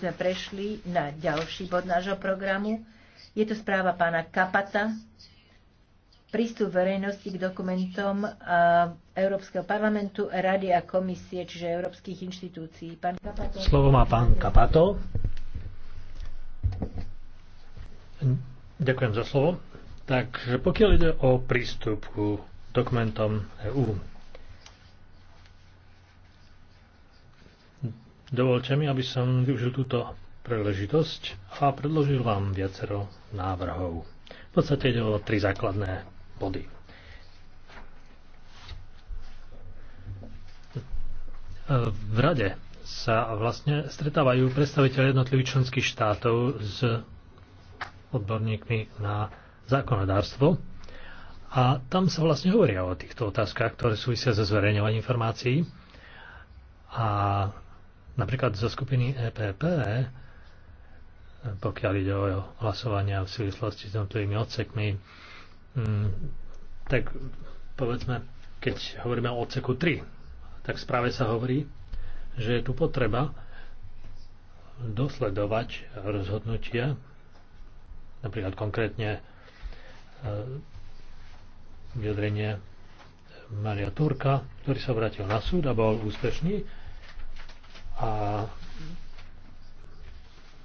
sme prešli na ďalší bod nášho programu. Je to správa pána Kapata, prístup verejnosti k dokumentom Európskeho parlamentu, Rady a komisie, čiže európskych inštitúcií. Pán Kapato. Slovo má pán Kapato. Ďakujem za slovo. Takže pokiaľ ide o prístup k dokumentom EÚ, Dovolte mi, aby som využil túto príležitosť a predložil vám viacero návrhov. V podstate ide o tri základné body. V rade sa vlastne stretávajú predstaviteľe jednotlivých členských štátov s odborníkmi na zákonodárstvo a tam sa vlastne hovoria o týchto otázkach, ktoré súvisia so zverejňovaním informácií a Napríklad zo skupiny EPP, pokiaľ ide o hlasovania v súvislosti s jednotlivými odsekmi, mm, tak povedzme, keď hovoríme o odseku 3, tak v správe sa hovorí, že je tu potreba dosledovať rozhodnutia, napríklad konkrétne e, vyjadrenie Maria Turka, ktorý sa vrátil na súd a bol úspešný a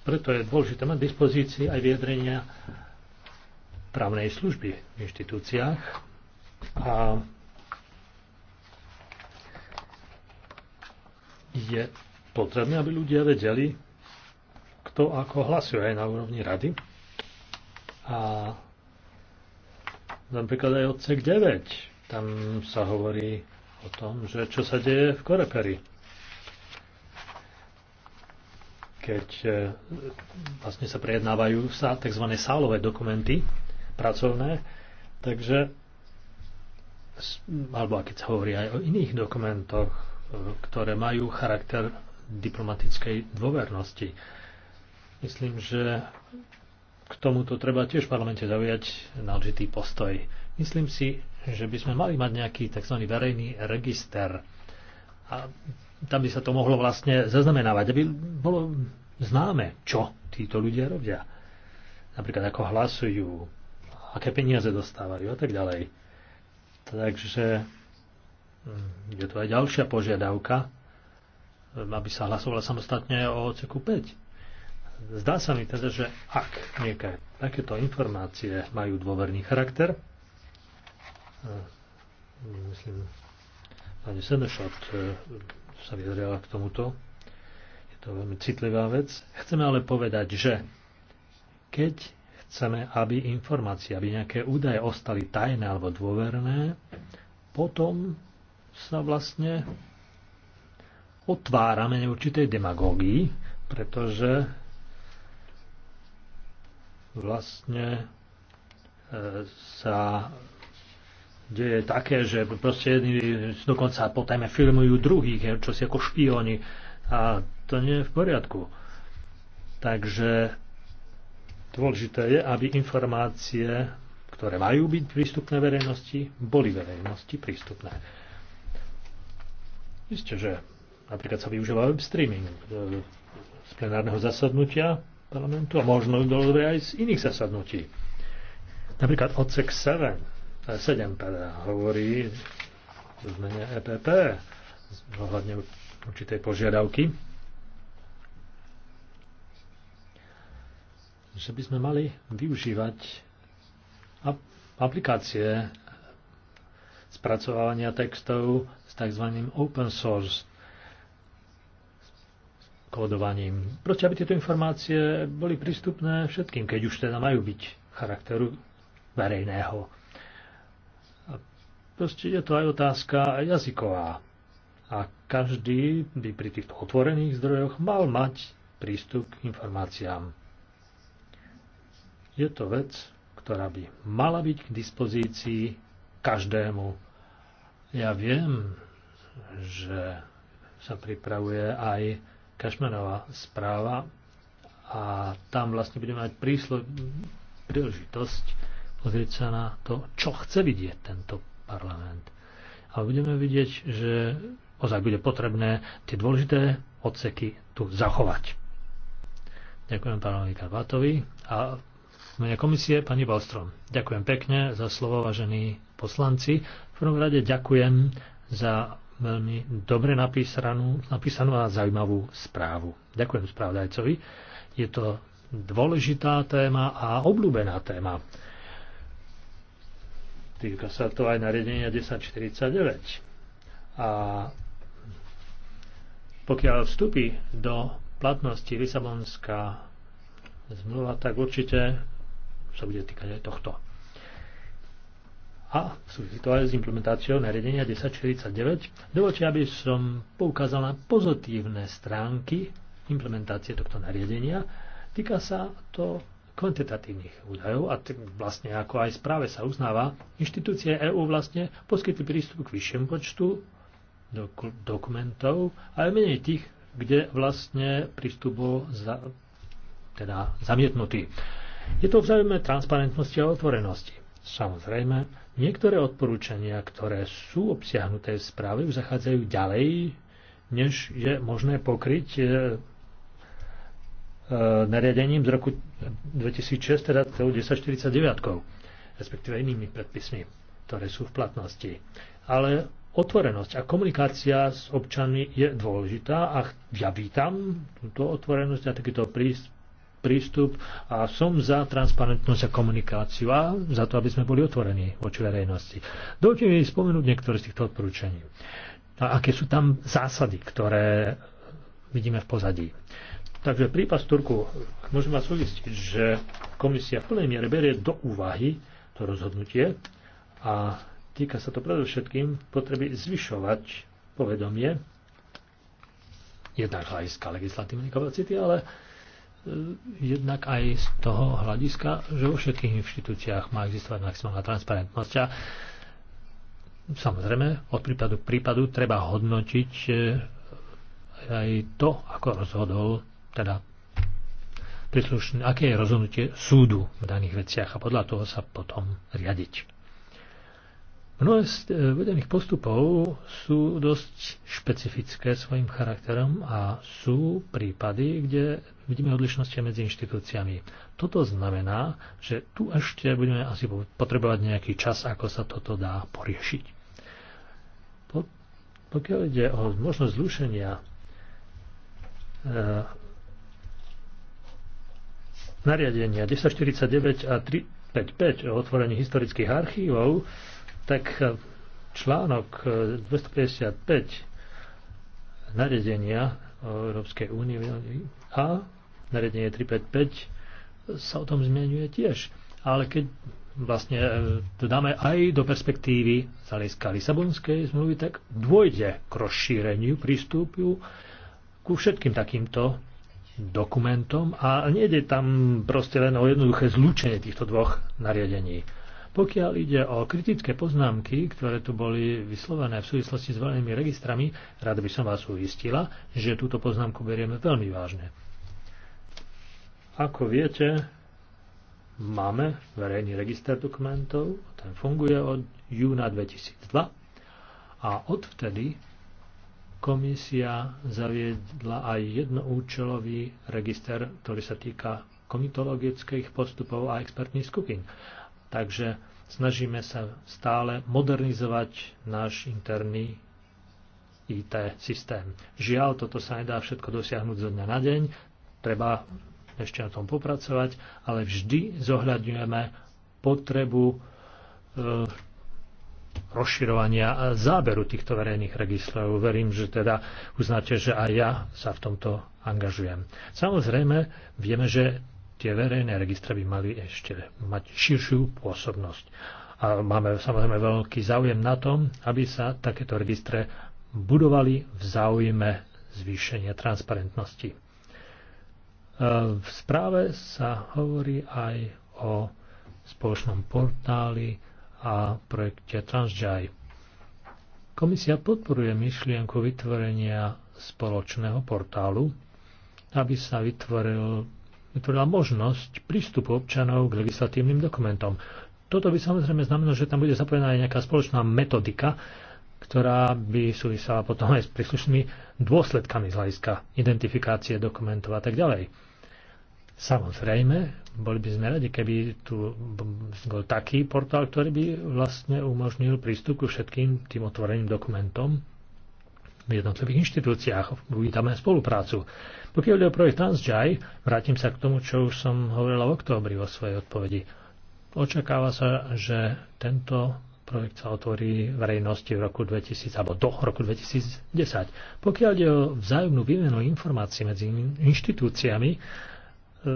preto je dôležité mať dispozícii aj vyjadrenia právnej služby v inštitúciách. A je potrebné, aby ľudia vedeli, kto ako hlasuje aj na úrovni rady. A napríklad aj odsek 9, tam sa hovorí o tom, že čo sa deje v Koreperi keď e, vlastne sa prejednávajú sa tzv. sálové dokumenty pracovné, takže alebo keď sa hovorí aj o iných dokumentoch, e, ktoré majú charakter diplomatickej dôvernosti. Myslím, že k tomuto treba tiež v parlamente zaujať náležitý postoj. Myslím si, že by sme mali mať nejaký tzv. verejný register. A tam by sa to mohlo vlastne zaznamenávať, aby bolo známe, čo títo ľudia robia. Napríklad ako hlasujú, aké peniaze dostávajú a tak ďalej. Takže hm, je to aj ďalšia požiadavka, hm, aby sa hlasovala samostatne o odseku 5. Zdá sa mi teda, že ak nieké takéto informácie majú dôverný charakter, hm, myslím, pani Senešot sa vyjadrila k tomuto. Je to veľmi citlivá vec. Chceme ale povedať, že keď chceme, aby informácie, aby nejaké údaje ostali tajné alebo dôverné, potom sa vlastne otvárame neurčitej demagógii, pretože vlastne e, sa deje také, že proste jedni dokonca po filmujú druhých, čo si ako špioni a to nie je v poriadku. Takže dôležité je, aby informácie, ktoré majú byť prístupné verejnosti, boli verejnosti prístupné. Isté, že napríklad sa využíva web streaming e, z plenárneho zasadnutia parlamentu a možno dobre aj z iných zasadnutí. Napríklad odsek 7 7 teda hovorí v zmene EPP ohľadne určitej požiadavky, že by sme mali využívať aplikácie spracovávania textov s tzv. open source kódovaním. Proč, aby tieto informácie boli prístupné všetkým, keď už teda majú byť charakteru verejného. Proste je to aj otázka jazyková. A každý by pri týchto otvorených zdrojoch mal mať prístup k informáciám. Je to vec, ktorá by mala byť k dispozícii každému. Ja viem, že sa pripravuje aj Kašmenová správa a tam vlastne budeme mať príslo- príležitosť pozrieť sa na to, čo chce vidieť tento parlament. A budeme vidieť, že ozaj bude potrebné tie dôležité odseky tu zachovať. Ďakujem pánovi Karvátovi a v mene komisie pani Balstrom. Ďakujem pekne za slovo, vážení poslanci. V prvom rade ďakujem za veľmi dobre napísanú, napísanú a zaujímavú správu. Ďakujem správdajcovi. Je to dôležitá téma a obľúbená téma. Týka sa to aj nariadenia 1049. A pokiaľ vstupí do platnosti Lisabonská zmluva, tak určite sa bude týkať aj tohto. A súvisí to aj s implementáciou nariadenia 1049. Dovolte, aby som poukázal na pozitívne stránky implementácie tohto nariadenia. Týka sa to kvantitatívnych údajov a vlastne ako aj správe sa uznáva, inštitúcie EÚ vlastne poskytli prístup k vyššiemu počtu dok- dokumentov a aj menej tých, kde vlastne prístup bol za, teda zamietnutý. Je to vzájomné transparentnosti a otvorenosti. Samozrejme, niektoré odporúčania, ktoré sú obsiahnuté v správe, už zachádzajú ďalej, než je možné pokryť e, E, nariadením z roku 2006, teda 1049, respektíve inými predpismi, ktoré sú v platnosti. Ale otvorenosť a komunikácia s občanmi je dôležitá a ja vítam túto otvorenosť a takýto prístup a som za transparentnosť a komunikáciu a za to, aby sme boli otvorení voči verejnosti. Dovolte mi spomenúť niektoré z týchto odporúčaní. A aké sú tam zásady, ktoré vidíme v pozadí. Takže prípad Turku môžem vás uvistiť, že komisia v plnej miere berie do úvahy to rozhodnutie a týka sa to predovšetkým potreby zvyšovať povedomie jednak hľadiska legislatívnej kapacity, ale e, jednak aj z toho hľadiska, že vo všetkých inštitúciách má existovať maximálna transparentnosť. A samozrejme, od prípadu k prípadu treba hodnotiť e, aj to, ako rozhodol teda príslušný, aké je rozhodnutie súdu v daných veciach a podľa toho sa potom riadiť. Mnohé z e, vedených postupov sú dosť špecifické svojim charakterom a sú prípady, kde vidíme odlišnosti medzi inštitúciami. Toto znamená, že tu ešte budeme asi potrebovať nejaký čas, ako sa toto dá poriešiť. pokiaľ ide o možnosť zlušenia e, nariadenia 1049 a 355 o otvorení historických archívov, tak článok 255 nariadenia Európskej únie a nariadenie 355 sa o tom zmienuje tiež. Ale keď vlastne e, to dáme aj do perspektívy z Lisabonskej zmluvy, tak dôjde k rozšíreniu prístupu ku všetkým takýmto dokumentom a nejde tam proste len o jednoduché zlúčenie týchto dvoch nariadení. Pokiaľ ide o kritické poznámky, ktoré tu boli vyslovené v súvislosti s volenými registrami, rád by som vás uistila, že túto poznámku berieme veľmi vážne. Ako viete, máme verejný register dokumentov, ten funguje od júna 2002 a odvtedy Komisia zaviedla aj jednoúčelový register, ktorý sa týka komitologických postupov a expertných skupín. Takže snažíme sa stále modernizovať náš interný IT systém. Žiaľ, toto sa nedá všetko dosiahnuť zo dňa na deň, treba ešte na tom popracovať, ale vždy zohľadňujeme potrebu e, rozširovania eh, záberu týchto verejných registrov. Verím, že teda uznáte, že aj ja sa v tomto angažujem. Samozrejme, vieme, že tie verejné registre by mali ešte mať širšiu pôsobnosť. A máme samozrejme veľký záujem na tom, aby sa takéto registre budovali v záujme zvýšenia transparentnosti. Eh, v správe sa hovorí aj o spoločnom portáli a projekte Transjai. Komisia podporuje myšlienku vytvorenia spoločného portálu, aby sa vytvoril, vytvorila možnosť prístupu občanov k legislatívnym dokumentom. Toto by samozrejme znamenalo, že tam bude zapojená aj nejaká spoločná metodika, ktorá by súvisela potom aj s príslušnými dôsledkami z hľadiska identifikácie dokumentov a tak ďalej. Samozrejme, boli by sme radi, keby tu bol taký portál, ktorý by vlastne umožnil prístup ku všetkým tým otvoreným dokumentom v jednotlivých inštitúciách. Uvítame spoluprácu. Pokiaľ ide o projekt Transjai, vrátim sa k tomu, čo už som hovorila v októbri vo svojej odpovedi. Očakáva sa, že tento projekt sa otvorí verejnosti v roku 2000 alebo do roku 2010. Pokiaľ ide o vzájomnú výmenu informácií medzi inštitúciami, E,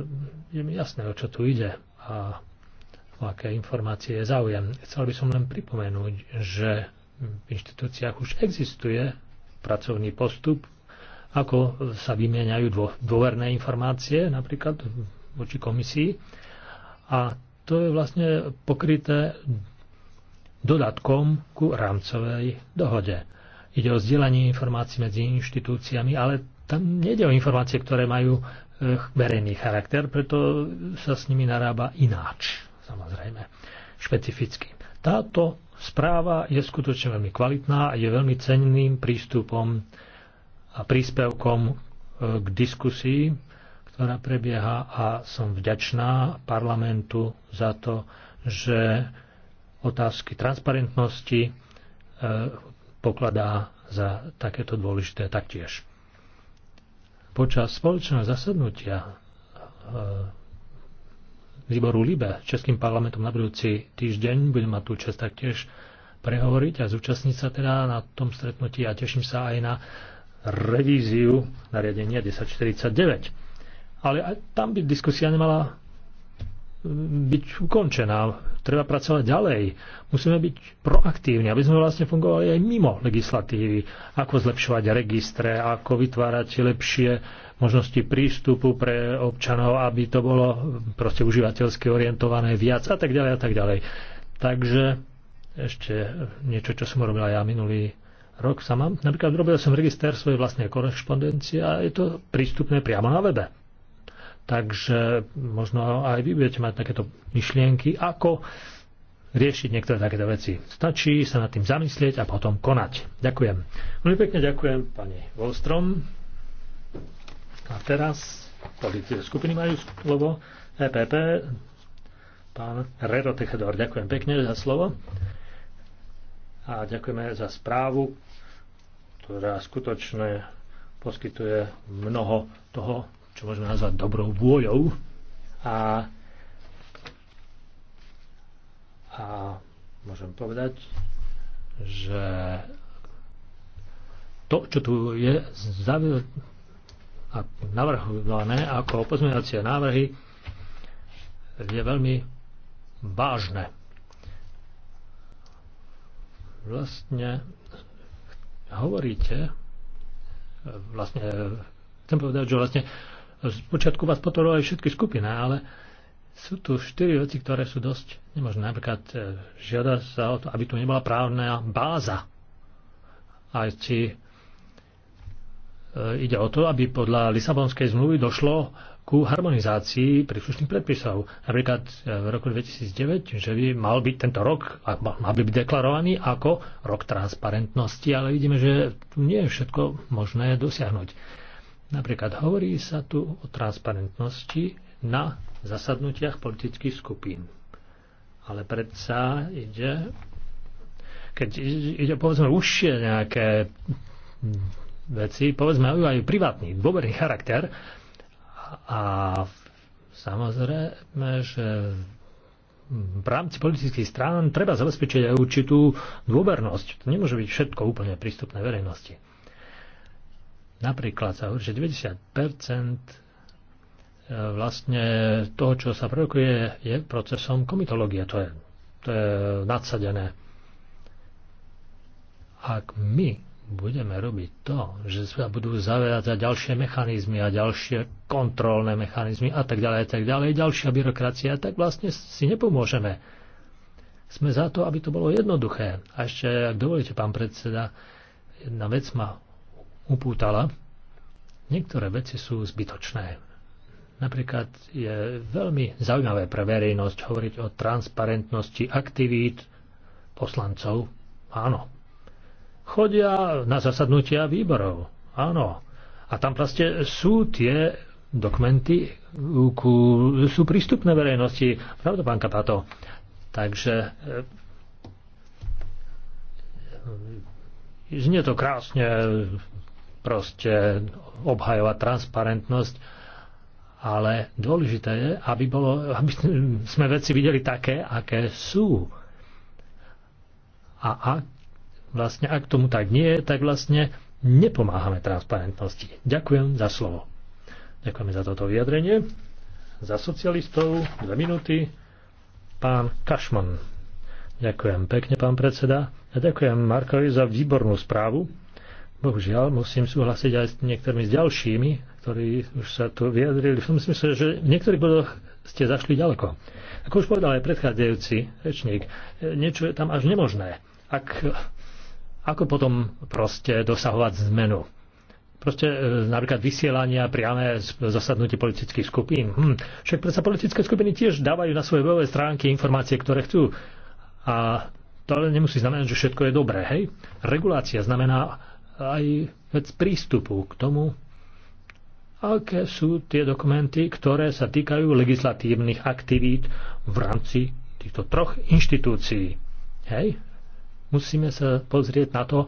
je mi jasné, o čo tu ide a o aké informácie je záujem. Chcel by som len pripomenúť, že v inštitúciách už existuje pracovný postup, ako sa vymieňajú dôverné informácie, napríklad voči komisii. A to je vlastne pokryté dodatkom ku rámcovej dohode. Ide o zdieľanie informácií medzi inštitúciami, ale tam nejde o informácie, ktoré majú Eh, verejný charakter, preto sa s nimi narába ináč, samozrejme, špecificky. Táto správa je skutočne veľmi kvalitná a je veľmi cenným prístupom a príspevkom eh, k diskusii, ktorá prebieha a som vďačná parlamentu za to, že otázky transparentnosti eh, pokladá za takéto dôležité taktiež. Počas spoločného zasadnutia eh, výboru LIBE Českým parlamentom na budúci týždeň budem mať tú čest taktiež prehovoriť a zúčastniť sa teda na tom stretnutí a teším sa aj na revíziu nariadenia 1049. Ale aj tam by diskusia nemala byť ukončená. Treba pracovať ďalej. Musíme byť proaktívni, aby sme vlastne fungovali aj mimo legislatívy. Ako zlepšovať registre, ako vytvárať lepšie možnosti prístupu pre občanov, aby to bolo proste užívateľsky orientované viac a tak ďalej a tak ďalej. Takže ešte niečo, čo som robila ja minulý rok sama. Napríklad robil som register svojej vlastnej korešpondencie a je to prístupné priamo na webe. Takže možno aj vy budete mať takéto myšlienky, ako riešiť niektoré takéto veci. Stačí sa nad tým zamyslieť a potom konať. Ďakujem. Veľmi pekne ďakujem pani Volstrom. A teraz politické skupiny majú slovo. EPP, pán Rero Techedor. Ďakujem pekne za slovo. A ďakujeme za správu, ktorá skutočne poskytuje mnoho toho, čo môžeme nazvať dobrou vôľou a, a môžem povedať, že to, čo tu je a navrhované ako pozmeňovacie návrhy, je veľmi vážne. Vlastne hovoríte, vlastne chcem povedať, že vlastne Spočiatku vás podporovali všetky skupiny, ale sú tu štyri veci, ktoré sú dosť nemožné. Napríklad e, žiada sa o to, aby tu nebola právna báza. Aj či e, ide o to, aby podľa Lisabonskej zmluvy došlo ku harmonizácii príslušných predpisov. Napríklad e, v roku 2009, že by mal byť tento rok, mal by byť deklarovaný ako rok transparentnosti, ale vidíme, že tu nie je všetko možné dosiahnuť. Napríklad hovorí sa tu o transparentnosti na zasadnutiach politických skupín. Ale predsa ide, keď ide povedzme užšie nejaké veci, povedzme aj privátny, dôverný charakter a samozrejme, že v rámci politických strán treba zabezpečiť aj určitú dôvernosť. To nemôže byť všetko úplne prístupné verejnosti. Napríklad sa hovorí, že 90 e, vlastne toho, čo sa produkuje, je procesom komitológie. To je, to je nadsadené. Ak my budeme robiť to, že sa budú zavádzať ďalšie mechanizmy a ďalšie kontrolné mechanizmy a tak ďalej a tak ďalej, ďalšia byrokracia, tak vlastne si nepomôžeme. Sme za to, aby to bolo jednoduché. A ešte, ak dovolíte, pán predseda, jedna vec ma upútala. Niektoré veci sú zbytočné. Napríklad je veľmi zaujímavé pre verejnosť hovoriť o transparentnosti aktivít poslancov. Áno. Chodia na zasadnutia výborov. Áno. A tam proste sú tie dokumenty, sú prístupné verejnosti. Pravda, pán Kapato? Takže e, e, znie to krásne, proste obhajovať transparentnosť, ale dôležité je, aby, bolo, aby sme veci videli také, aké sú. A ak, vlastne, ak tomu tak nie je, tak vlastne nepomáhame transparentnosti. Ďakujem za slovo. Ďakujeme za toto vyjadrenie. Za socialistov dve minúty pán Kašman. Ďakujem pekne, pán predseda. A ďakujem Markovi za výbornú správu. Bohužiaľ, musím súhlasiť aj s niektorými z ďalšími, ktorí už sa tu vyjadrili v tom smysle, že v niektorých bodoch ste zašli ďaleko. Ako už povedal aj predchádzajúci rečník, niečo je tam až nemožné. Ak, ako potom proste dosahovať zmenu? proste e, napríklad vysielania priame z zasadnutí politických skupín. Hm. Však predsa politické skupiny tiež dávajú na svoje webové stránky informácie, ktoré chcú. A to ale nemusí znamenať, že všetko je dobré. Hej? Regulácia znamená aj vec prístupu k tomu, aké sú tie dokumenty, ktoré sa týkajú legislatívnych aktivít v rámci týchto troch inštitúcií. Hej? Musíme sa pozrieť na to,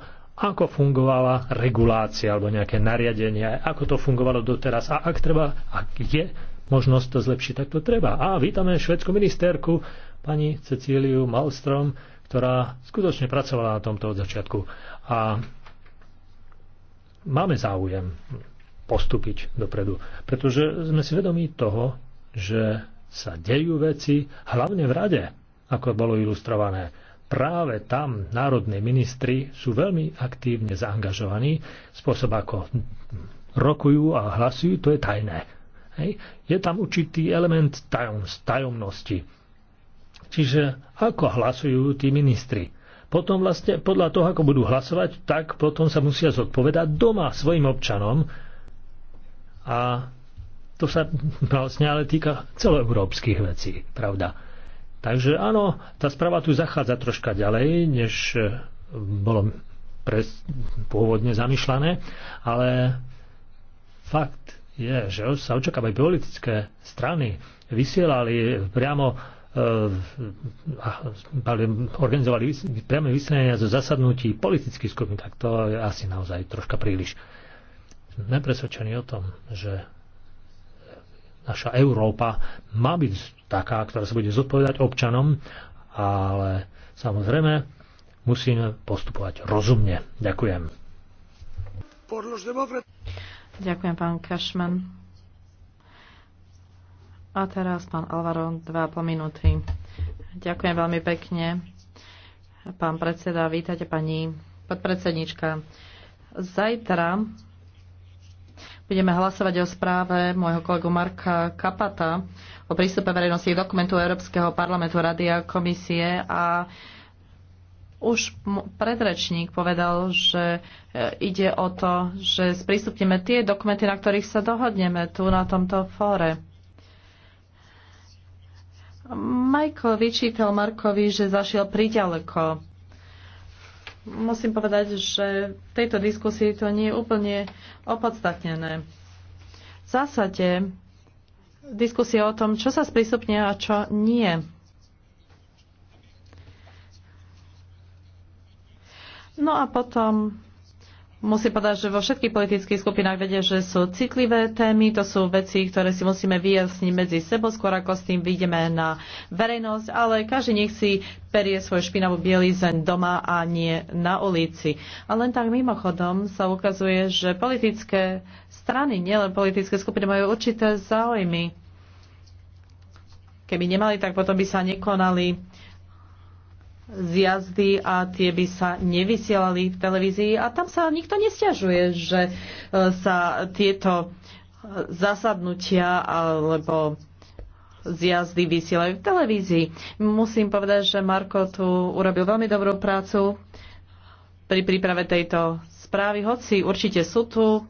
ako fungovala regulácia alebo nejaké nariadenie, ako to fungovalo doteraz a ak treba, ak je možnosť to zlepšiť, tak to treba. A vítame švedskú ministerku pani Cecíliu Malstrom, ktorá skutočne pracovala na tomto od začiatku. A máme záujem postúpiť dopredu. Pretože sme si vedomí toho, že sa dejú veci, hlavne v rade, ako bolo ilustrované. Práve tam národní ministri sú veľmi aktívne zaangažovaní. Spôsob, ako rokujú a hlasujú, to je tajné. Hej. Je tam určitý element tajom, tajomnosti. Čiže ako hlasujú tí ministri? potom vlastne podľa toho, ako budú hlasovať, tak potom sa musia zodpovedať doma svojim občanom. A to sa vlastne ale týka celoeurópskych vecí, pravda. Takže áno, tá správa tu zachádza troška ďalej, než e, bolo pre, pôvodne zamýšľané, ale fakt je, že sa očakávajú politické strany, vysielali priamo E, organizovali priame vysielania zo zasadnutí politických skupín, tak to je asi naozaj troška príliš. Sme presvedčení o tom, že naša Európa má byť taká, ktorá sa bude zodpovedať občanom, ale samozrejme musíme postupovať rozumne. Ďakujem. Ďakujem, pán Kašman. A teraz pán Alvaro, po minúty. Ďakujem veľmi pekne. Pán predseda, vítate pani podpredsednička. Zajtra budeme hlasovať o správe môjho kolegu Marka Kapata o prístupe verejnosti k dokumentu Európskeho parlamentu, Rady a komisie a už predrečník povedal, že e, ide o to, že sprístupníme tie dokumenty, na ktorých sa dohodneme tu na tomto fóre. Michael vyčítal Markovi, že zašiel priďaleko. Musím povedať, že v tejto diskusii to nie je úplne opodstatnené. V zásade diskusia o tom, čo sa sprístupne a čo nie. No a potom Musím povedať, že vo všetkých politických skupinách vedia, že sú citlivé témy, to sú veci, ktoré si musíme vyjasniť medzi sebou, skôr ako s tým vyjdeme na verejnosť, ale každý nech si perie svoju špinavú bielizeň doma a nie na ulici. A len tak mimochodom sa ukazuje, že politické strany, nielen politické skupiny, majú určité záujmy. Keby nemali, tak potom by sa nekonali z jazdy a tie by sa nevysielali v televízii a tam sa nikto nestiažuje, že e, sa tieto e, zasadnutia alebo z jazdy vysielajú v televízii. Musím povedať, že Marko tu urobil veľmi dobrú prácu pri príprave tejto správy, hoci určite sú tu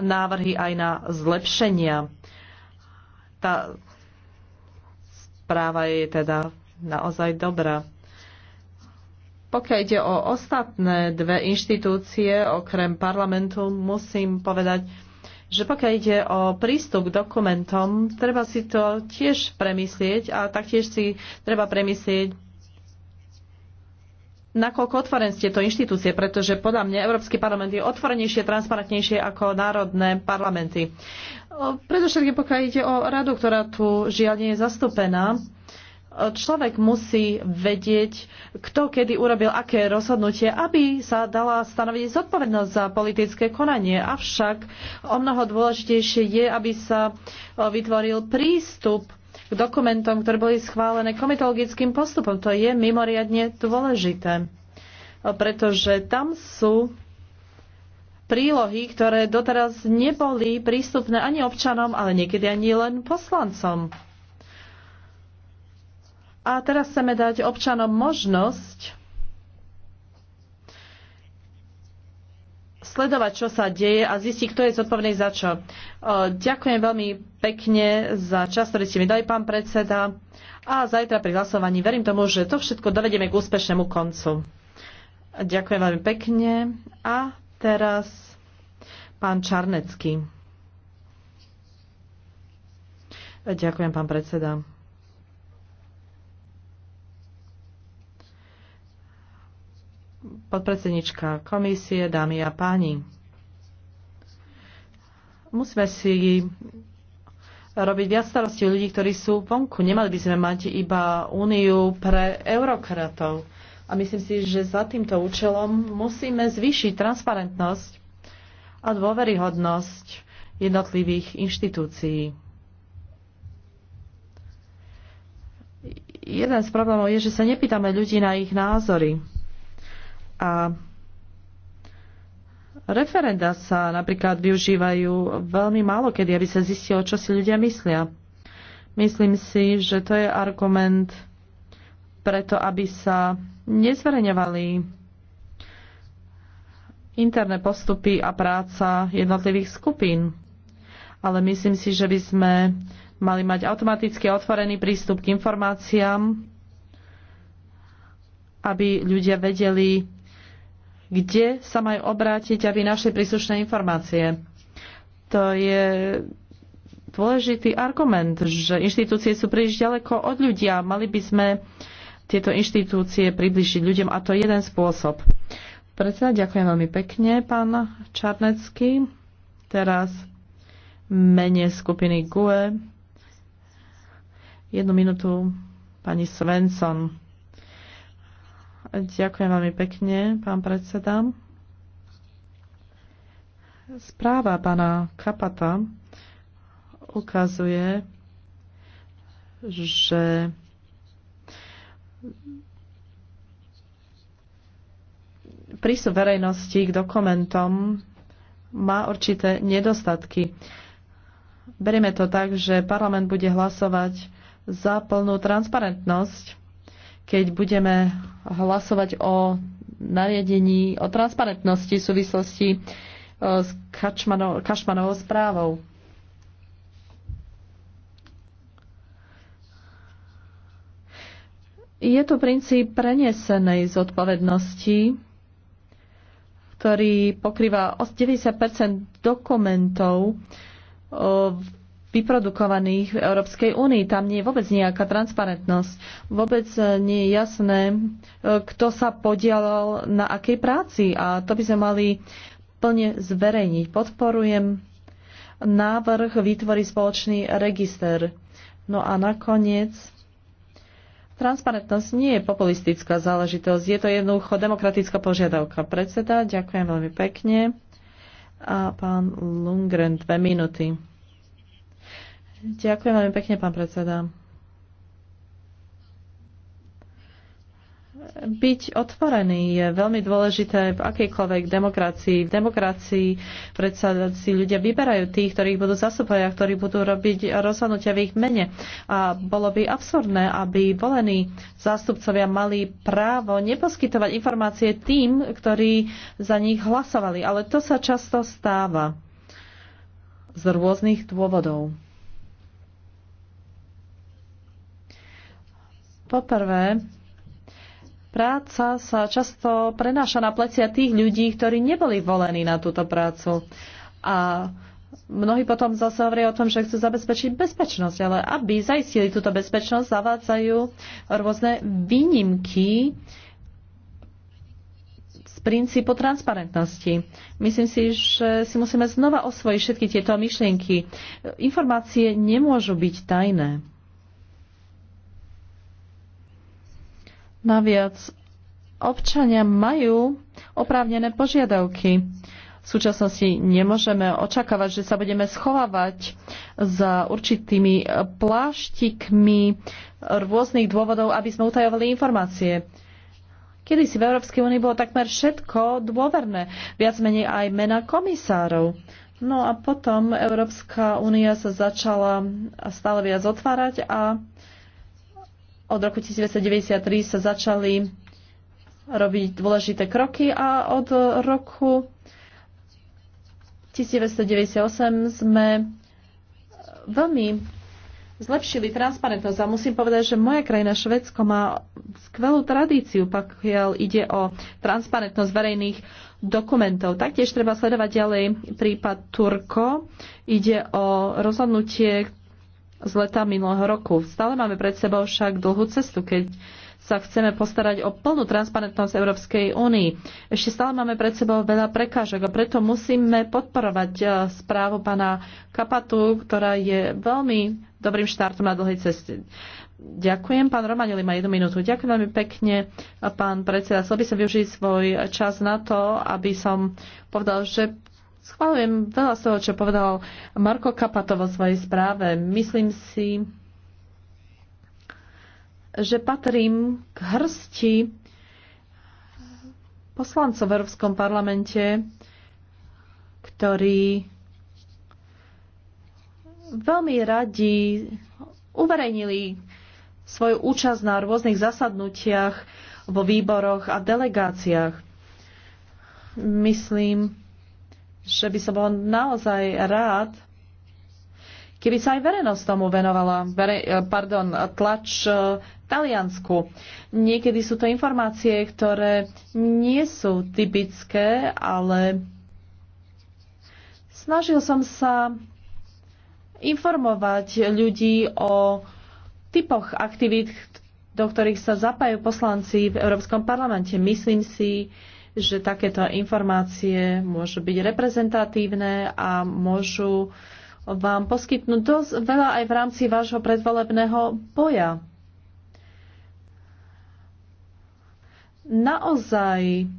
návrhy aj na zlepšenia. Tá správa je teda naozaj dobrá. Pokiaľ ide o ostatné dve inštitúcie, okrem parlamentu, musím povedať, že pokiaľ ide o prístup k dokumentom, treba si to tiež premyslieť a taktiež si treba premyslieť, nakoľko otvoren ste to inštitúcie, pretože podľa mňa Európsky parlament je otvorenejšie, transparentnejšie ako národné parlamenty. Predovšetkým pokiaľ ide o radu, ktorá tu žiaľ nie je zastúpená, človek musí vedieť, kto kedy urobil aké rozhodnutie, aby sa dala stanoviť zodpovednosť za politické konanie. Avšak o mnoho dôležitejšie je, aby sa vytvoril prístup k dokumentom, ktoré boli schválené komitologickým postupom. To je mimoriadne dôležité, pretože tam sú prílohy, ktoré doteraz neboli prístupné ani občanom, ale niekedy ani len poslancom. A teraz chceme dať občanom možnosť sledovať, čo sa deje a zistiť, kto je zodpovedný za čo. Ďakujem veľmi pekne za čas, ktorý ste mi dali, pán predseda. A zajtra pri hlasovaní verím tomu, že to všetko dovedieme k úspešnému koncu. Ďakujem veľmi pekne. A teraz pán Čarnecký. Ďakujem, pán predseda. podpredsednička komisie, dámy a páni. Musíme si robiť viac starostí ľudí, ktorí sú vonku. Nemali by sme mať iba úniu pre eurokratov. A myslím si, že za týmto účelom musíme zvýšiť transparentnosť a dôveryhodnosť jednotlivých inštitúcií. Jeden z problémov je, že sa nepýtame ľudí na ich názory a referenda sa napríklad využívajú veľmi málo kedy, aby sa zistilo, čo si ľudia myslia. Myslím si, že to je argument preto, aby sa nezverejňovali interné postupy a práca jednotlivých skupín. Ale myslím si, že by sme mali mať automaticky otvorený prístup k informáciám, aby ľudia vedeli, kde sa majú obrátiť, aby našli príslušné informácie. To je dôležitý argument, že inštitúcie sú príliš ďaleko od ľudia. Mali by sme tieto inštitúcie približiť ľuďom a to je jeden spôsob. Predseda, ďakujem veľmi pekne, pán Čarnecký. Teraz mene skupiny GUE. Jednu minútu pani Svensson. Ďakujem veľmi pekne, pán predseda. Správa pána Kapata ukazuje, že prísu verejnosti k dokumentom má určité nedostatky. Berieme to tak, že parlament bude hlasovať za plnú transparentnosť keď budeme hlasovať o nariadení o transparentnosti v súvislosti e, s Kašmanovou správou. Je to princíp prenesenej zodpovednosti, ktorý pokrýva 90 dokumentov e, vyprodukovaných v Európskej únii. Tam nie je vôbec nejaká transparentnosť. Vôbec eh, nie je jasné, eh, kto sa podielal na akej práci. A to by sme mali plne zverejniť. Podporujem návrh vytvorí spoločný register. No a nakoniec Transparentnosť nie je populistická záležitosť, je to jednoducho demokratická požiadavka. Predseda, ďakujem veľmi pekne. A pán Lundgren, dve minúty. Ďakujem veľmi pekne, pán predseda. Byť otvorený je veľmi dôležité v akejkoľvek demokracii. V demokracii predsa si ľudia vyberajú tých, ktorých budú zastupovať a ktorí budú robiť rozhodnutia v ich mene. A bolo by absurdné, aby volení zástupcovia mali právo neposkytovať informácie tým, ktorí za nich hlasovali. Ale to sa často stáva z rôznych dôvodov. Poprvé, práca sa často prenáša na plecia tých ľudí, ktorí neboli volení na túto prácu. A mnohí potom zase hovoria o tom, že chcú zabezpečiť bezpečnosť, ale aby zaistili túto bezpečnosť, zavádzajú rôzne výnimky z princípu transparentnosti. Myslím si, že si musíme znova osvojiť všetky tieto myšlienky. Informácie nemôžu byť tajné. Naviac občania majú oprávnené požiadavky. V súčasnosti nemôžeme očakávať, že sa budeme schovávať za určitými pláštikmi rôznych dôvodov, aby sme utajovali informácie. Kedy si v Európskej únii bolo takmer všetko dôverné, viac menej aj mena komisárov. No a potom Európska únia sa začala stále viac otvárať a od roku 1993 sa začali robiť dôležité kroky a od roku 1998 sme veľmi zlepšili transparentnosť. A musím povedať, že moja krajina Švedsko má skvelú tradíciu, pokiaľ ide o transparentnosť verejných dokumentov. Taktiež treba sledovať ďalej prípad Turko. Ide o rozhodnutie, z leta minulého roku. Stále máme pred sebou však dlhú cestu, keď sa chceme postarať o plnú transparentnosť Európskej únii. Ešte stále máme pred sebou veľa prekážok a preto musíme podporovať eh, správu pána Kapatu, ktorá je veľmi dobrým štartom na dlhej ceste. Ďakujem. Pán Romanili má jednu minútu. Ďakujem veľmi pekne, eh, pán predseda. Chcel by som využiť svoj čas na to, aby som povedal, že Schválujem veľa z toho, čo povedal Marko Kapato vo svojej správe. Myslím si, že patrím k hrsti poslancov v Európskom parlamente, ktorí veľmi radi uverejnili svoju účasť na rôznych zasadnutiach vo výboroch a delegáciách. Myslím, že by som bol naozaj rád, keby sa aj verejnosť tomu venovala, verej, eh, pardon, tlač eh, Taliansku. Niekedy sú to informácie, ktoré nie sú typické, ale snažil som sa informovať ľudí o typoch aktivít, do ktorých sa zapájajú poslanci v Európskom parlamente. Myslím si, že takéto informácie môžu byť reprezentatívne a môžu vám poskytnúť dosť veľa aj v rámci vášho predvolebného boja. Naozaj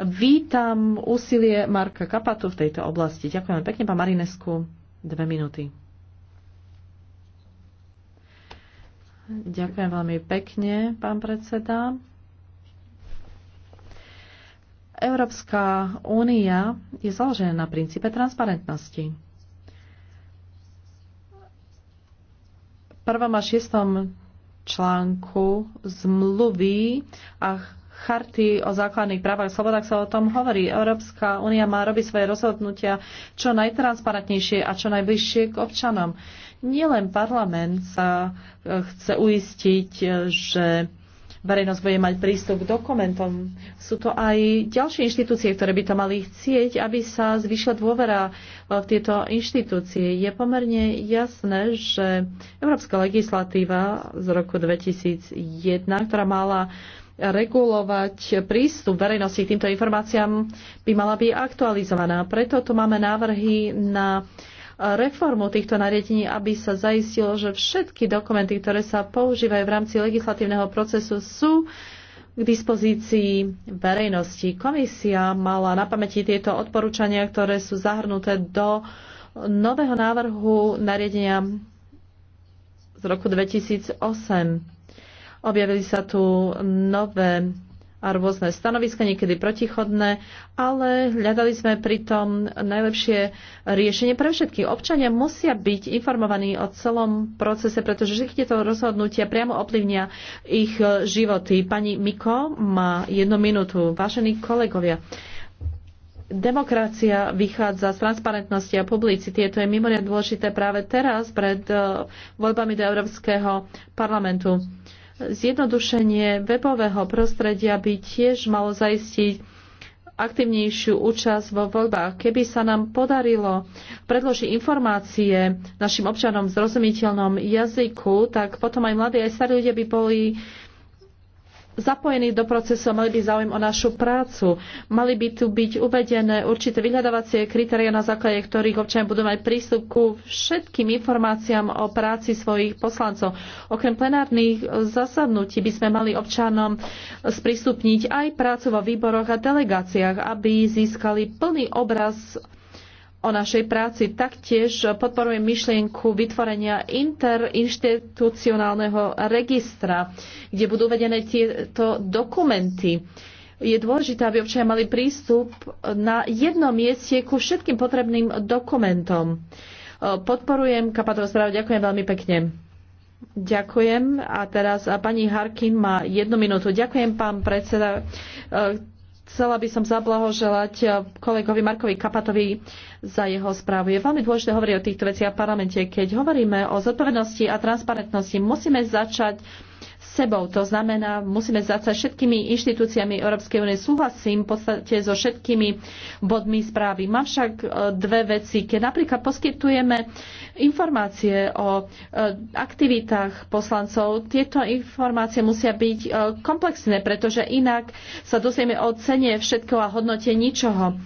vítam úsilie Marka Kapatu v tejto oblasti. Ďakujem pekne, pán Marinesku. Dve minúty. Ďakujem veľmi pekne, pán predseda. Európska únia je založená na princípe transparentnosti. V prvom a šiestom článku zmluvy a charty o základných právach a slobodách sa o tom hovorí. Európska únia má robiť svoje rozhodnutia čo najtransparentnejšie a čo najbližšie k občanom. Nielen parlament sa e, chce uistiť, e, že verejnosť bude mať prístup k dokumentom. Sú to aj ďalšie inštitúcie, ktoré by to mali chcieť, aby sa zvyšila dôvera e, v tieto inštitúcie. Je pomerne jasné, že európska legislatíva z roku 2001, ktorá mala regulovať prístup verejnosti k týmto informáciám, by mala byť aktualizovaná. Preto tu máme návrhy na reformu týchto nariadení, aby sa zaistilo, že všetky dokumenty, ktoré sa používajú v rámci legislatívneho procesu, sú k dispozícii verejnosti. Komisia mala na pamäti tieto odporúčania, ktoré sú zahrnuté do nového návrhu nariadenia z roku 2008. Objavili sa tu nové a rôzne stanoviska, niekedy protichodné, ale hľadali sme pritom najlepšie riešenie pre všetkých. Občania musia byť informovaní o celom procese, pretože všetky tieto rozhodnutia priamo ovplyvnia ich životy. Pani Miko má jednu minútu. Vážení kolegovia, Demokracia vychádza z transparentnosti a publicity. Je to je mimoriadne dôležité práve teraz pred eh, voľbami do Európskeho parlamentu. Zjednodušenie webového prostredia by tiež malo zaistiť aktívnejšiu účasť vo voľbách. Keby sa nám podarilo predložiť informácie našim občanom v zrozumiteľnom jazyku, tak potom aj mladí, aj starí ľudia by boli zapojení do procesu mali by záujem o našu prácu. Mali by tu byť uvedené určité vyhľadávacie kritéria, na základe ktorých občania budú mať prístup ku všetkým informáciám o práci svojich poslancov. Okrem plenárnych zasadnutí by sme mali občanom sprístupniť aj prácu vo výboroch a delegáciách, aby získali plný obraz o našej práci. Taktiež podporujem myšlienku vytvorenia interinstitucionálneho registra, kde budú vedené tieto dokumenty. Je dôležité, aby občania mali prístup na jednom mieste ku všetkým potrebným dokumentom. Podporujem kapitolu správu. Ďakujem veľmi pekne. Ďakujem. A teraz pani Harkin má jednu minútu. Ďakujem, pán predseda Chcela by som zablahoželať eh, kolegovi Markovi Kapatovi za jeho správu. Je veľmi dôležité hovoriť o týchto veciach v parlamente. Keď hovoríme o zodpovednosti a transparentnosti, musíme začať sebou. To znamená, musíme zdať sa všetkými inštitúciami Európskej únie. Súhlasím v podstate so všetkými bodmi správy. Mám však e, dve veci. Keď napríklad poskytujeme informácie o e, aktivitách poslancov, tieto informácie musia byť e, komplexné, pretože inak sa dosieme o cene všetkého a hodnote ničoho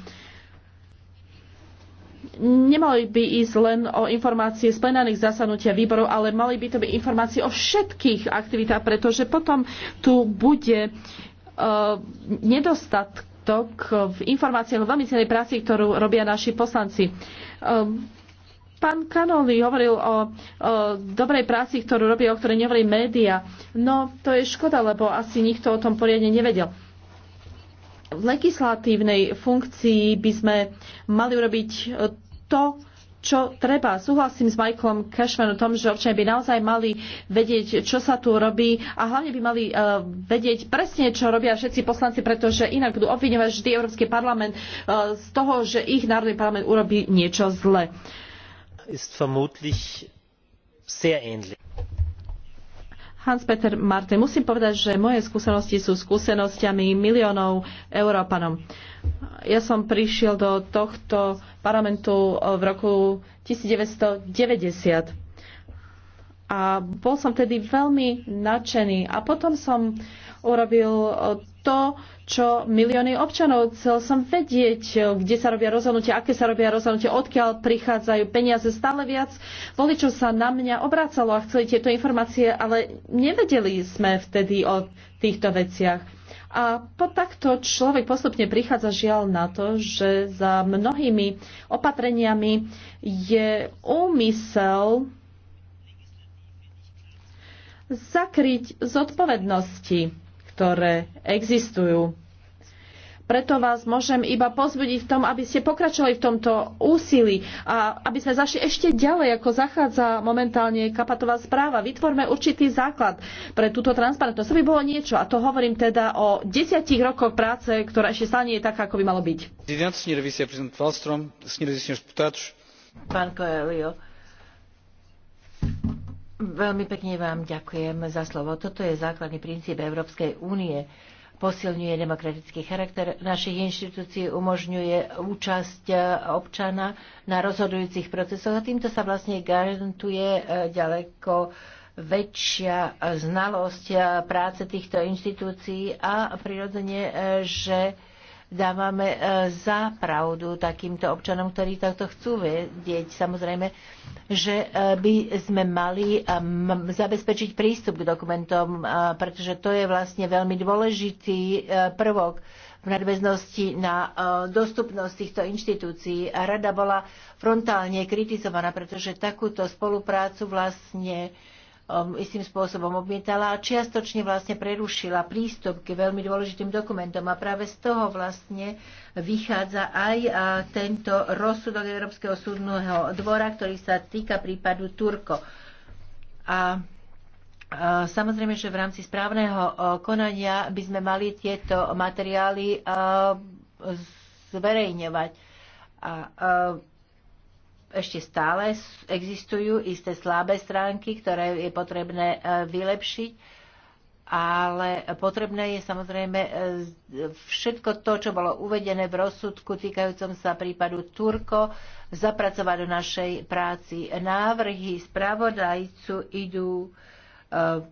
nemali by ísť len o informácie z plenárnych zasadnutia výborov, ale mali by to byť informácie o všetkých aktivitách, pretože potom tu bude e, nedostatok v informáciách o veľmi cenej práci, ktorú robia naši poslanci. E, pán Kanoli hovoril o, o dobrej práci, ktorú robia, o ktorej nehovorí média. No, to je škoda, lebo asi nikto o tom poriadne nevedel v legislatívnej funkcii by sme mali urobiť to, čo treba. Súhlasím s Michaelom Cashmanom o tom, že občania by naozaj mali vedieť, čo sa tu robí a hlavne by mali uh, vedieť presne, čo robia všetci poslanci, pretože inak budú obvinovať vždy Európsky parlament uh, z toho, že ich Národný parlament urobí niečo zle. Hans-Peter Martin, musím povedať, že moje skúsenosti sú skúsenostiami miliónov Európanom. Ja som prišiel do tohto parlamentu eh, v roku 1990 a bol som tedy veľmi nadšený. A potom som urobil eh, to, čo milióny občanov. Chcel som vedieť, eh, kde sa robia rozhodnutia, aké sa robia rozhodnutia, odkiaľ prichádzajú peniaze. Stále viac voličov sa na mňa obracalo a chceli tieto informácie, ale nevedeli sme vtedy o týchto veciach. A po takto človek postupne prichádza žiaľ na to, že za mnohými opatreniami je úmysel zakryť zodpovednosti, ktoré existujú preto vás môžem iba pozbudiť v tom, aby ste pokračovali v tomto úsilí a aby sme zašli ešte ďalej, ako zachádza momentálne Kapatová správa. Vytvorme určitý základ pre túto transparentnosť. To by bolo niečo a to hovorím teda o desiatich rokoch práce, ktorá ešte stále nie je taká, ako by malo byť. Pán Koelio, veľmi pekne vám ďakujem za slovo. Toto je základný princíp Európskej únie posilňuje demokratický charakter našich inštitúcií, umožňuje účasť e, občana na rozhodujúcich procesoch a týmto sa vlastne garantuje e, ďaleko väčšia e, znalosť práce týchto inštitúcií a prirodzene, že dávame e, za pravdu takýmto občanom, ktorí takto chcú vedieť. Samozrejme, že e, by sme mali e, zabezpečiť prístup k dokumentom, pretože to je vlastne veľmi dôležitý prvok v nadväznosti na dostupnosť týchto inštitúcií. A rada bola frontálne kritizovaná, pretože takúto spoluprácu vlastne Um, istým spôsobom obmietala a čiastočne vlastne prerušila prístup k veľmi dôležitým dokumentom. A práve z toho vlastne vychádza aj tento rozsudok Európskeho súdneho dvora, ktorý sa týka prípadu Turko. A Samozrejme, že v rámci správneho konania by sme mali tieto materiály zverejňovať. A ešte stále existujú isté slabé stránky, ktoré je potrebné e, vylepšiť ale potrebné je samozrejme e, všetko to, čo bolo uvedené v rozsudku týkajúcom sa prípadu Turko, zapracovať do našej práci. Návrhy spravodajcu idú e,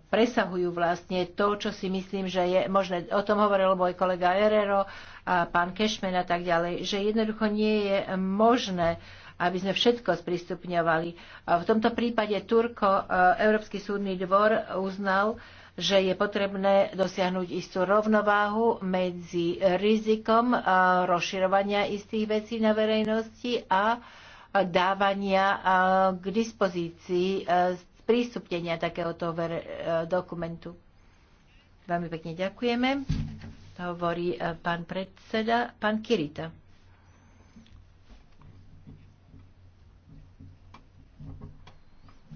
presahujú vlastne to, čo si myslím, že je možné. O tom hovoril môj kolega Herrero a pán Kešmen a tak ďalej, že jednoducho nie je možné uh, aby sme všetko sprístupňovali. V tomto prípade Turko, e, Európsky súdny dvor uznal, že je potrebné dosiahnuť istú rovnováhu medzi rizikom e, rozširovania istých vecí na verejnosti a dávania e, k dispozícii sprístupnenia takéhoto dokumentu. Veľmi pekne ďakujeme. Hovorí pán predseda, pán Kirita.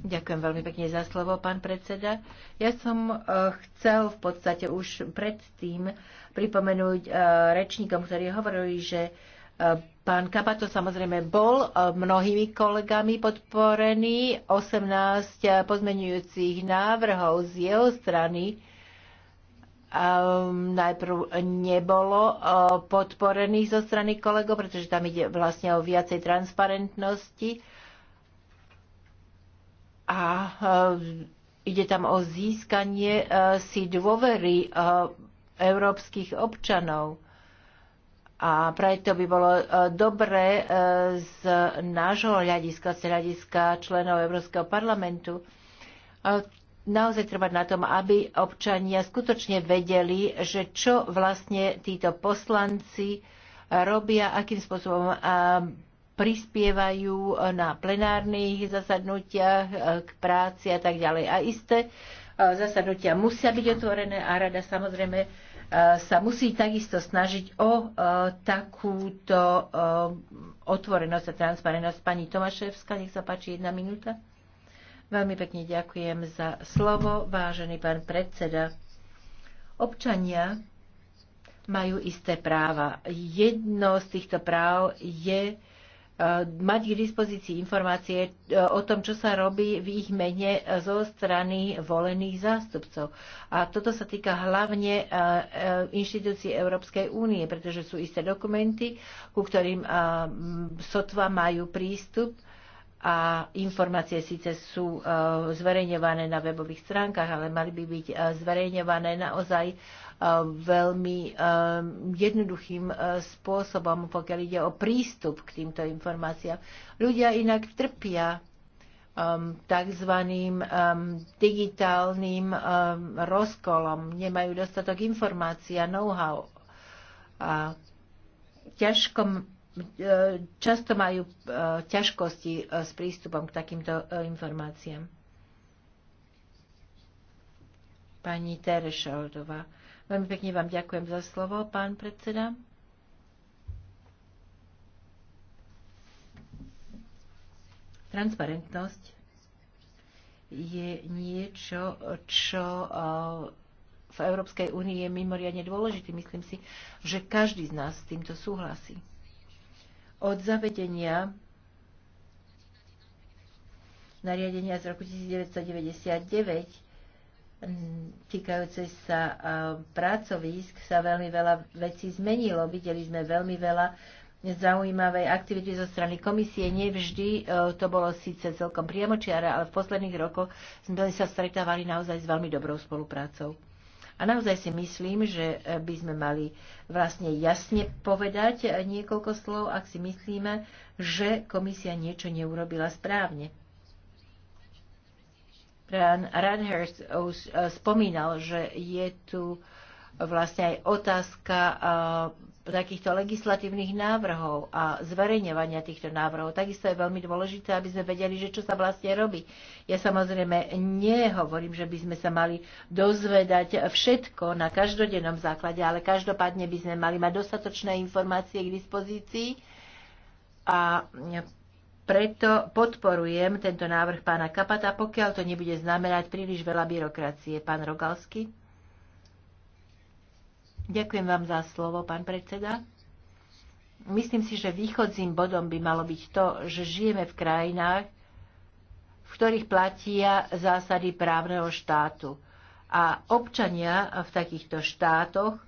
Ďakujem veľmi pekne za slovo, pán predseda. Ja som e, chcel v podstate už predtým pripomenúť e, rečníkom, ktorí hovorili, že e, pán Kapato samozrejme bol mnohými kolegami podporený, 18 pozmenujúcich návrhov z jeho strany najprv nebolo podporených zo strany kolegov, pretože tam ide vlastne o viacej transparentnosti a e, ide tam o získanie e, si dôvery e, európskych občanov. A preto by bolo dobré z nášho hľadiska, z hľadiska členov Európskeho parlamentu, naozaj trvať na tom, aby občania skutočne vedeli, že čo vlastne títo poslanci robia, akým spôsobom prispievajú e, na plenárnych zasadnutiach e, k práci a tak ďalej. A isté e, zasadnutia musia byť otvorené a rada samozrejme sa musí takisto snažiť o takúto otvorenosť a transparentnosť. Pani Tomaševská, nech sa páči, jedna minúta. Veľmi pekne ďakujem za slovo, vážený pán predseda. Občania majú isté práva. Jedno z týchto práv je mať k dispozícii informácie e, o tom, čo sa robí v ich mene e, zo strany volených zástupcov. A toto sa týka hlavne e, inštitúcií Európskej únie, pretože sú isté dokumenty, ku ktorým sotva majú prístup a informácie síce sú e, zverejňované na webových stránkach, ale mali by byť e, zverejňované naozaj e, veľmi jednoduchým spôsobom, pokiaľ ide o prístup k týmto informáciám. Ľudia inak trpia tzv. digitálnym rozkolom, nemajú dostatok informácií a know-how. A ťažko E, často majú e, ťažkosti e, s prístupom k takýmto informáciám. Pani Terešoldová. Veľmi pekne vám ďakujem za slovo, pán predseda. Transparentnosť je niečo, čo v Európskej únii je mimoriadne dôležité. Myslím si, že každý z nás s týmto súhlasí od zavedenia nariadenia z roku 1999 mm, týkajúce sa pracovisk sa veľmi veľa vecí zmenilo. Videli sme veľmi veľa zaujímavej aktivity zo strany komisie. Nevždy e, to bolo síce celkom priamočiare, ale v posledných rokoch sme sa stretávali naozaj s veľmi dobrou spoluprácou. A naozaj si myslím, že e, by sme mali vlastne jasne povedať e, niekoľko slov, ak si myslíme, že komisia niečo neurobila správne. Pán e, už spomínal, že je tu vlastne aj otázka takýchto legislatívnych návrhov a zverejňovania týchto návrhov. Takisto je veľmi dôležité, aby sme vedeli, že čo sa vlastne robí. Ja samozrejme nehovorím, že by sme sa mali dozvedať všetko na každodennom základe, ale každopádne by sme mali mať dostatočné informácie k dispozícii a preto podporujem tento návrh pána Kapata, pokiaľ to nebude znamenať príliš veľa byrokracie. Pán Rogalsky? Ďakujem vám za slovo, pán predseda. Myslím si, že východzím bodom by malo byť to, že žijeme v krajinách, v ktorých platia zásady právneho štátu. A občania v takýchto štátoch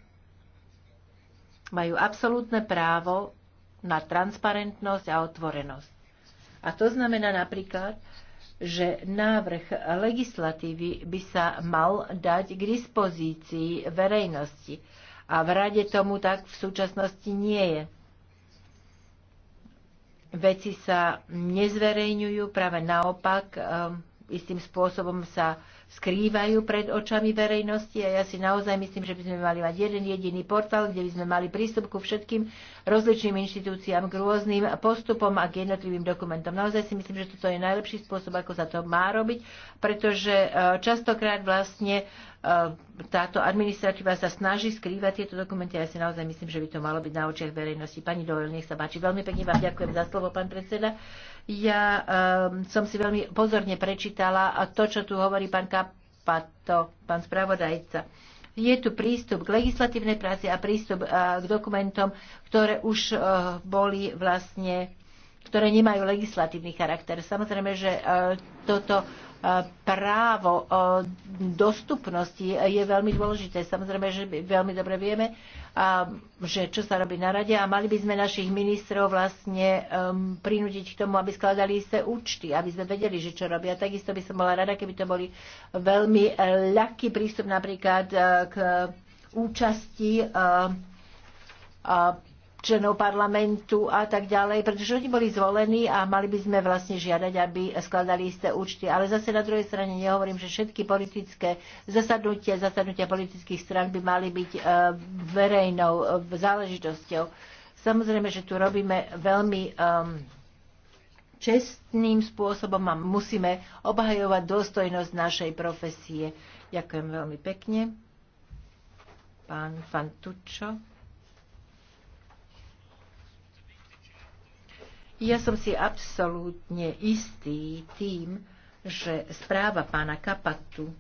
majú absolútne právo na transparentnosť a otvorenosť. A to znamená napríklad, že návrh legislatívy by sa mal dať k dispozícii verejnosti a v rade tomu tak v súčasnosti nie je. Veci sa nezverejňujú, práve naopak, eh, istým spôsobom sa skrývajú pred očami verejnosti a ja si naozaj myslím, že by sme mali mať jeden jediný portál, kde by sme mali prístup ku všetkým rozličným inštitúciám, k rôznym postupom a k jednotlivým dokumentom. Naozaj si myslím, že toto je najlepší spôsob, ako sa to má robiť, pretože eh, častokrát vlastne E, táto administratíva sa snaží skrývať tieto dokumenty a ja si naozaj myslím, že by to malo byť na očiach verejnosti. Pani Doyle, nech sa páči. Veľmi pekne vám ďakujem za slovo, pán predseda. Ja um, som si veľmi pozorne prečítala a to, čo tu hovorí pán Kapato, pán spravodajca. Je tu prístup k legislatívnej práci a prístup uh, k dokumentom, ktoré už uh, boli vlastne ktoré nemajú legislatívny charakter. Samozrejme, že uh, toto právo dostupnosti je veľmi dôležité. Samozrejme, že veľmi dobre vieme, že čo sa robí na rade a mali by sme našich ministrov vlastne um, prinútiť k tomu, aby skladali isté účty, aby sme vedeli, že čo robia. Takisto by som bola rada, keby to boli veľmi e, ľahký prístup napríklad e, k účasti e, členov parlamentu a tak ďalej, pretože oni boli zvolení a mali by sme vlastne žiadať, aby skladali isté účty. Ale zase na druhej strane nehovorím, že všetky politické zasadnutia, zasadnutia politických strán by mali byť e, verejnou e, záležitosťou. Samozrejme, že tu robíme veľmi um, čestným spôsobom a musíme obhajovať dôstojnosť našej profesie. Ďakujem veľmi pekne. Pán Fantučo. Ja som si absolútne istý tým, že správa pána Kapatu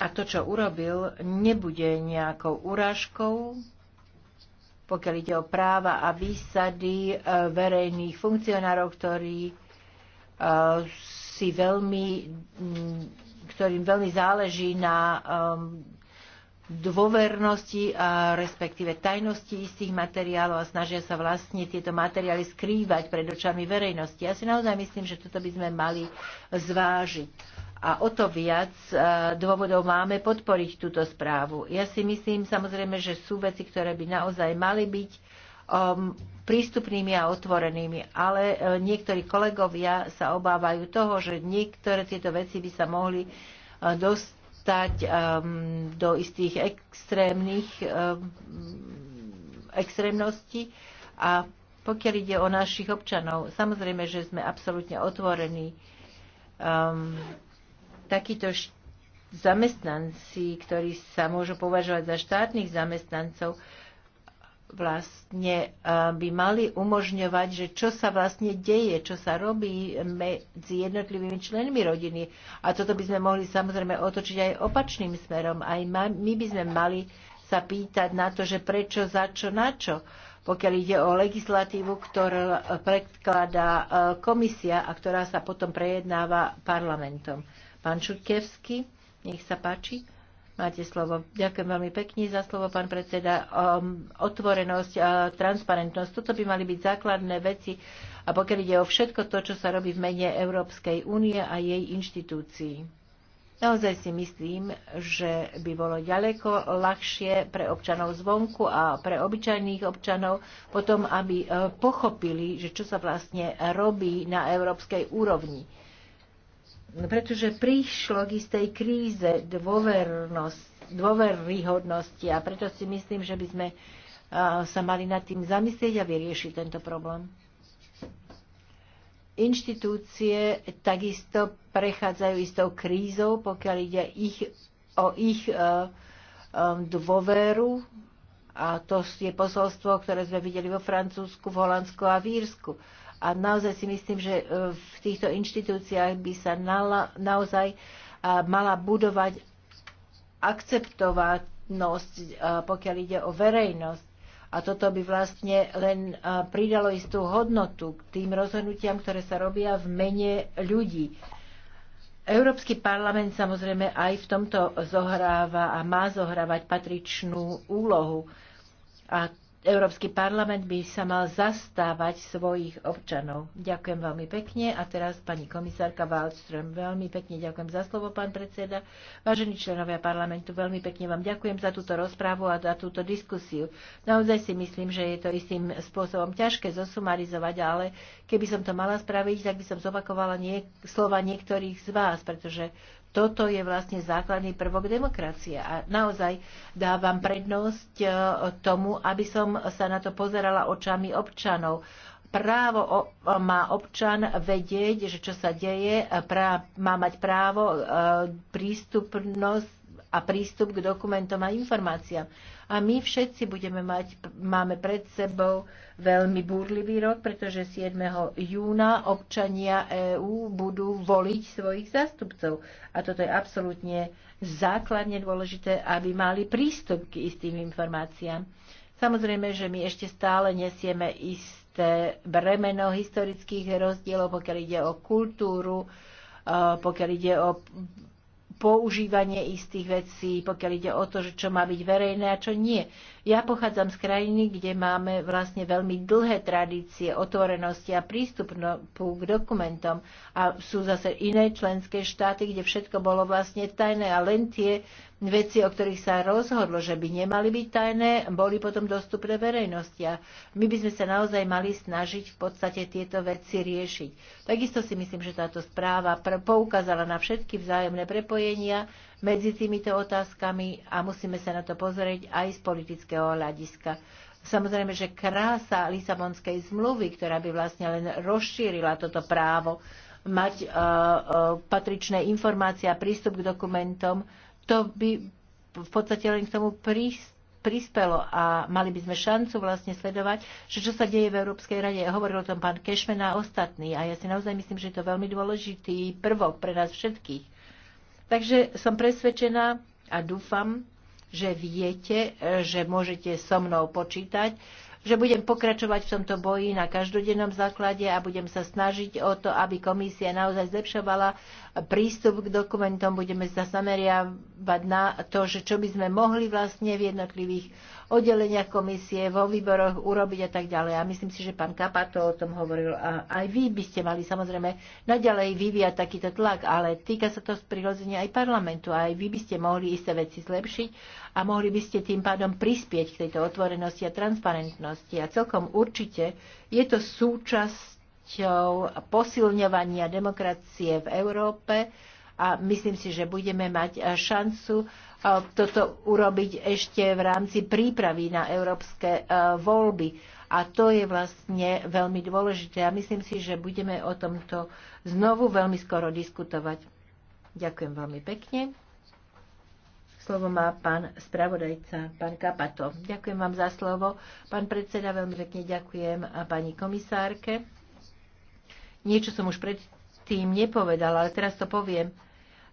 a to, čo urobil, nebude nejakou urážkou, pokiaľ ide o práva a výsady e, verejných funkcionárov, ktorí e, si veľmi, ktorým veľmi záleží na e, dôvernosti a respektíve tajnosti istých materiálov a snažia sa vlastne tieto materiály skrývať pred očami verejnosti. Ja si naozaj myslím, že toto by sme mali zvážiť. A o to viac e, dôvodov máme podporiť túto správu. Ja si myslím samozrejme, že sú veci, ktoré by naozaj mali byť um, prístupnými a otvorenými, ale e, niektorí kolegovia sa obávajú toho, že niektoré tieto veci by sa mohli e, dosť dostať um, do istých extrémnych um, extrémností a pokiaľ ide o našich občanov, samozrejme, že sme absolútne otvorení. Um, takíto zamestnanci, ktorí sa môžu považovať za štátnych zamestnancov, uh, vlastne eh, by mali umožňovať, že čo sa vlastne deje, čo sa robí medzi jednotlivými členmi rodiny. A toto by sme mohli samozrejme otočiť aj opačným smerom. Aj my by sme mali sa pýtať na to, že prečo, za čo, na čo pokiaľ ide o legislatívu, ktorú predkladá eh, komisia a ktorá sa potom prejednáva parlamentom. Pán Čutkevský, nech sa páči. Máte slovo. Ďakujem veľmi pekne za slovo, pán predseda. otvorenosť a transparentnosť, toto by mali byť základné veci. A pokiaľ ide o všetko to, čo sa robí v mene Európskej únie a jej inštitúcií. Naozaj si myslím, že by bolo ďaleko ľahšie pre občanov zvonku a pre obyčajných občanov potom, aby eh, pochopili, že čo sa vlastne robí na európskej úrovni pretože prišlo k istej kríze dôvernosť, dôveryhodnosti a preto si myslím, že by sme sa mali nad tým zamyslieť a vyriešiť tento problém. Inštitúcie takisto prechádzajú istou krízou, pokiaľ ide ich, o ich e, e, dôveru a to je posolstvo, ktoré sme videli vo Francúzsku, v Holandsku a v Írsku. A naozaj si myslím, že e, v týchto inštitúciách by sa nala, naozaj e, mala budovať akceptovanosť, e, pokiaľ ide o verejnosť. A toto by vlastne len pridalo istú hodnotu k tým rozhodnutiam, ktoré sa robia v mene ľudí. Európsky parlament samozrejme aj v tomto zohráva a má zohrávať patričnú úlohu. A Európsky parlament by sa mal zastávať svojich občanov. Ďakujem veľmi pekne. A teraz pani komisárka Wallström, veľmi pekne ďakujem za slovo, pán predseda. Vážení členovia parlamentu, veľmi pekne vám ďakujem za túto rozprávu a za túto diskusiu. Naozaj si myslím, že je to istým spôsobom ťažké zosumarizovať, ale keby som to mala spraviť, tak by som zopakovala niek- slova niektorých z vás, pretože toto je vlastne základný prvok demokracie a naozaj dávam prednosť eh, tomu, aby som sa na to pozerala očami občanov. Právo má občan vedieť, že čo sa deje, prá, má mať právo e, prístupnosť a prístup k dokumentom a informáciám. A my všetci budeme mať, máme pred sebou veľmi búrlivý rok, pretože 7. júna občania EÚ budú voliť svojich zástupcov. A toto je absolútne základne dôležité, aby mali prístup k istým informáciám. Samozrejme, že my ešte stále nesieme isté bremeno historických rozdielov, pokiaľ ide o kultúru, pokiaľ ide o používanie istých vecí, pokiaľ ide o to, že čo má byť verejné a čo nie. Ja pochádzam z krajiny, kde máme vlastne veľmi dlhé tradície otvorenosti a prístupu k dokumentom a sú zase iné členské štáty, kde všetko bolo vlastne tajné a len tie veci, o ktorých sa rozhodlo, že by nemali byť tajné, boli potom dostupné verejnosti. A my by sme sa naozaj mali snažiť v podstate tieto veci riešiť. Takisto si myslím, že táto správa poukázala na všetky vzájomné prepojenia, medzi týmito otázkami a musíme sa na to pozrieť aj z politického hľadiska. Samozrejme, že krása Lisabonskej zmluvy, ktorá by vlastne len rozšírila toto právo mať uh, uh, patričné informácie a prístup k dokumentom, to by v podstate len k tomu prístup prispelo a mali by sme šancu vlastne sledovať, že čo sa deje v Európskej rade. Hovoril o tom pán Kešmen a ostatní a ja si naozaj myslím, že je to veľmi dôležitý prvok pre nás všetkých. Takže som presvedčená a dúfam, že viete, že môžete so mnou počítať že budem pokračovať v tomto boji na každodennom základe a budem sa snažiť o to, aby komisia naozaj zlepšovala prístup k dokumentom. Budeme sa zameriavať na to, že čo by sme mohli vlastne v jednotlivých oddeleniach komisie, vo výboroch urobiť a tak ďalej. A myslím si, že pán Kapato o tom hovoril. A aj vy by ste mali samozrejme naďalej vyvíjať takýto tlak, ale týka sa to prirodzene aj parlamentu. A aj vy by ste mohli isté veci zlepšiť a mohli by ste tým pádom prispieť k tejto otvorenosti a transparentnosti. A celkom určite je to súčasťou posilňovania demokracie v Európe a myslím si, že budeme mať e, šancu e, toto urobiť ešte v rámci prípravy na európske e, voľby. A to je vlastne veľmi dôležité a myslím si, že budeme o tomto znovu veľmi skoro diskutovať. Ďakujem veľmi pekne. Slovo má pán spravodajca, pán Kapato. Ďakujem vám za slovo. Pán predseda, veľmi pekne ďakujem a pani komisárke. Niečo som už predtým nepovedala, ale teraz to poviem.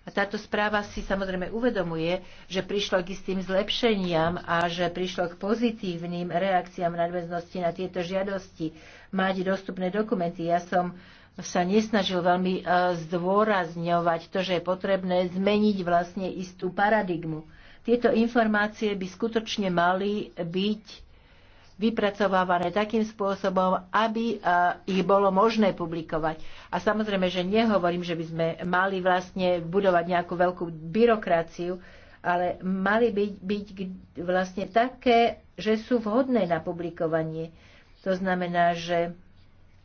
A táto správa si samozrejme uvedomuje, že prišlo k istým zlepšeniam a že prišlo k pozitívnym reakciám nadväznosti na tieto žiadosti mať dostupné dokumenty. Ja som sa nesnažil veľmi e, zdôrazňovať to, že je potrebné zmeniť vlastne istú paradigmu. Tieto informácie by skutočne mali byť vypracovávané takým spôsobom, aby e, ich bolo možné publikovať. A samozrejme, že nehovorím, že by sme mali vlastne budovať nejakú veľkú byrokraciu, ale mali byť, byť vlastne také, že sú vhodné na publikovanie. To znamená, že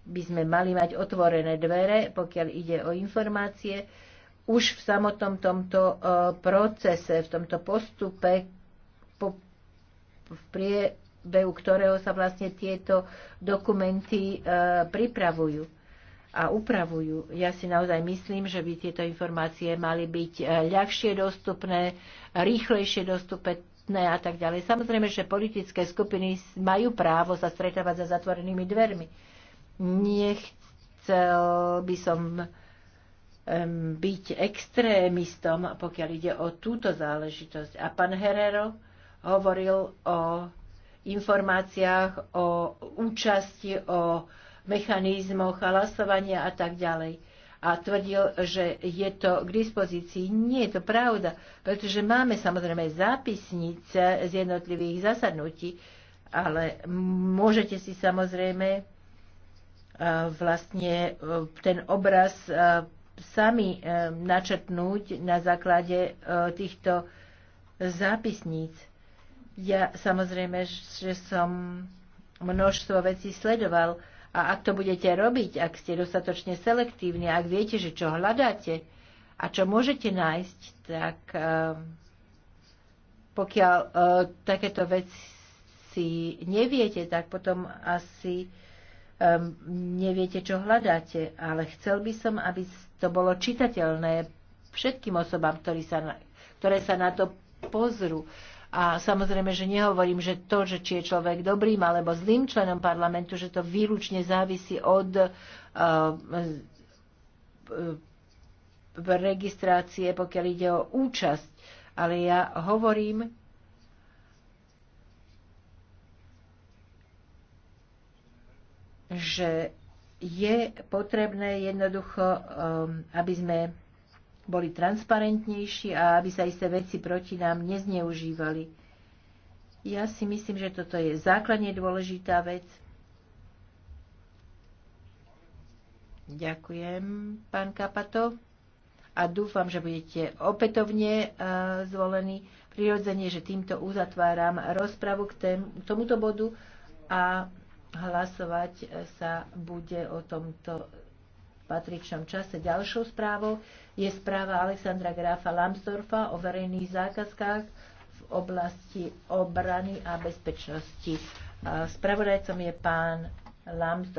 by sme mali mať otvorené dvere, pokiaľ ide o informácie, už v samotnom tomto e, procese, v tomto postupe po, v prie, behu ktorého sa vlastne tieto dokumenty e, pripravujú a upravujú. Ja si naozaj myslím, že by tieto informácie mali byť e, ľahšie dostupné, rýchlejšie dostupné a tak ďalej. Samozrejme, že politické skupiny majú právo sa stretávať za zatvorenými dvermi. Nechcel by som byť extrémistom, pokiaľ ide o túto záležitosť. A pán Herrero hovoril o informáciách, o účasti, o mechanizmoch hlasovania a tak ďalej. A tvrdil, že je to k dispozícii. Nie je to pravda, pretože máme samozrejme zápisnice z jednotlivých zasadnutí, ale môžete si samozrejme e, vlastne e, ten obraz e, sami načrtnúť na základe týchto zápisníc. Ja samozrejme, že som množstvo vecí sledoval a ak to budete robiť, ak ste dostatočne selektívni, ak viete, že čo hľadáte a čo môžete nájsť, tak ehm, pokiaľ e, takéto veci neviete, tak potom asi ehm, neviete, čo hľadáte. Ale chcel by som, aby to bolo čitateľné všetkým osobám, ktorí sa, ktoré sa na to pozrú. A samozrejme, že nehovorím, že to, že či je človek dobrým alebo zlým členom parlamentu, že to výlučne závisí od uh, registrácie, pokiaľ ide o účasť. Ale ja hovorím že je potrebné jednoducho, eh, aby sme boli transparentnejší a aby sa isté veci proti nám nezneužívali. Ja si myslím, že toto je základne dôležitá vec. Ďakujem, pán Kapato. A dúfam, že budete opätovne uh, zvolení. Prirodzene, že týmto uzatváram rozpravu k, tém, k tomuto bodu a hlasovať sa bude o tomto patričnom čase. Ďalšou správou je správa Alexandra Grafa Lambsdorfa o verejných zákazkách v oblasti obrany a bezpečnosti. Spravodajcom je pán Lambsdorf.